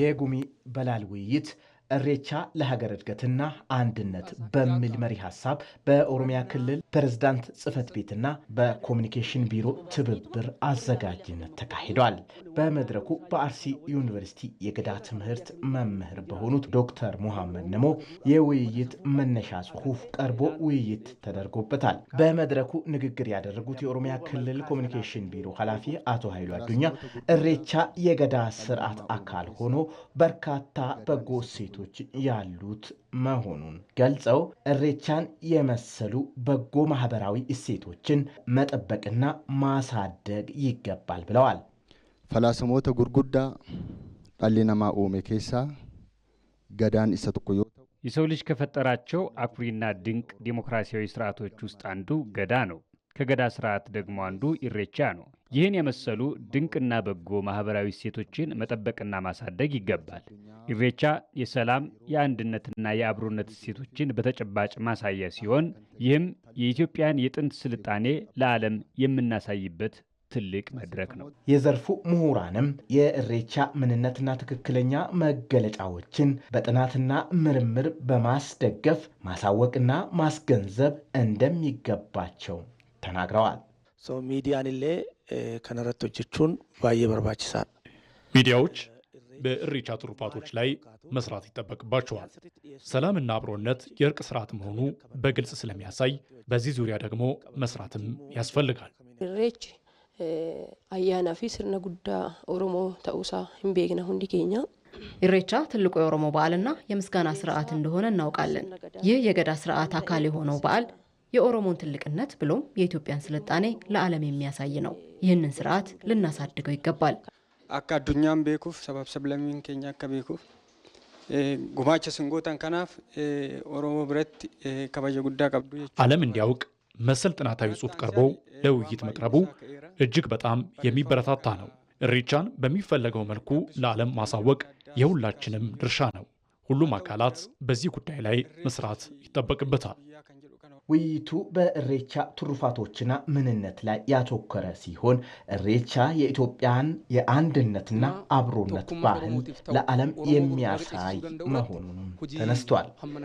የጉሚ በላል ውይይት እሬቻ ለሀገር እድገትና አንድነት በሚል መሪ ሀሳብ በኦሮሚያ ክልል ፕሬዝዳንት ጽህፈት ቤትና በኮሚኒኬሽን ቢሮ ትብብር አዘጋጅነት ተካሂዷል። በመድረኩ በአርሲ ዩኒቨርሲቲ የገዳ ትምህርት መምህር በሆኑት ዶክተር ሙሐመድ ነሞ የውይይት መነሻ ጽሁፍ ቀርቦ ውይይት ተደርጎበታል። በመድረኩ ንግግር ያደረጉት የኦሮሚያ ክልል ኮሚኒኬሽን ቢሮ ኃላፊ አቶ ኃይሉ አዱኛ እሬቻ የገዳ ስርዓት አካል ሆኖ በርካታ በጎ ሴቱ ቤቶች ያሉት መሆኑን ገልጸው እሬቻን የመሰሉ በጎ ማህበራዊ እሴቶችን መጠበቅና ማሳደግ ይገባል ብለዋል። ፈላሰሞተ ጉርጉዳ ዳሊ ነማ ኡሜ ኬሳ ገዳን ኢሰ የሰው ልጅ ከፈጠራቸው አኩሪና ድንቅ ዲሞክራሲያዊ ስርዓቶች ውስጥ አንዱ ገዳ ነው። ከገዳ ስርዓት ደግሞ አንዱ ኢሬቻ ነው። ይህን የመሰሉ ድንቅና በጎ ማህበራዊ እሴቶችን መጠበቅና ማሳደግ ይገባል። ኢሬቻ የሰላም የአንድነትና የአብሮነት እሴቶችን በተጨባጭ ማሳያ ሲሆን ይህም የኢትዮጵያን የጥንት ስልጣኔ ለዓለም የምናሳይበት ትልቅ መድረክ ነው። የዘርፉ ምሁራንም የእሬቻ ምንነትና ትክክለኛ መገለጫዎችን በጥናትና ምርምር በማስደገፍ ማሳወቅና ማስገንዘብ እንደሚገባቸው ተናግረዋል። ሚዲያንሌ ከነረት ሆጀቹን ባየ በርባችሳል ሚዲያዎች በእሬቻ ትሩፋቶች ላይ መስራት ይጠበቅባቸዋል። ሰላምና አብሮነት የእርቅ ስርዓት መሆኑ በግልጽ ስለሚያሳይ በዚህ ዙሪያ ደግሞ መስራትም ያስፈልጋል። እሬች eh, አያና ፊ ስርነ ጉዳ ኦሮሞ ተውሳ ህንቤግና ሁንዲ ኢሬቻ ትልቁ የኦሮሞ በዓልና የምስጋና ስርዓት እንደሆነ እናውቃለን። ይህ የገዳ ስርዓት አካል የሆነው በዓል የኦሮሞን ትልቅነት ብሎም የኢትዮጵያን ስልጣኔ ለዓለም የሚያሳይ ነው። ይህንን ስርዓት ልናሳድገው ይገባል። አካ አዱኛን ቤኩፍ ሰባብሰብ ለሚን ኬኛ አካ ቤኩፍ ጉማቸ ስንጎታን ከናፍ ኦሮሞ ብረት ከበጀ ጉዳ ቀብዱ ዓለም እንዲያውቅ መሰል ጥናታዊ ጽሑፍ ቀርቦ ለውይይት መቅረቡ እጅግ በጣም የሚበረታታ ነው። እሬቻን በሚፈለገው መልኩ ለዓለም ማሳወቅ የሁላችንም ድርሻ ነው። ሁሉም አካላት በዚህ ጉዳይ ላይ መስራት ይጠበቅበታል። ውይይቱ በእሬቻ ትሩፋቶችና ምንነት ላይ ያተኮረ ሲሆን እሬቻ የኢትዮጵያን የአንድነትና አብሮነት ባህል ለዓለም የሚያሳይ መሆኑንም ተነስቷል።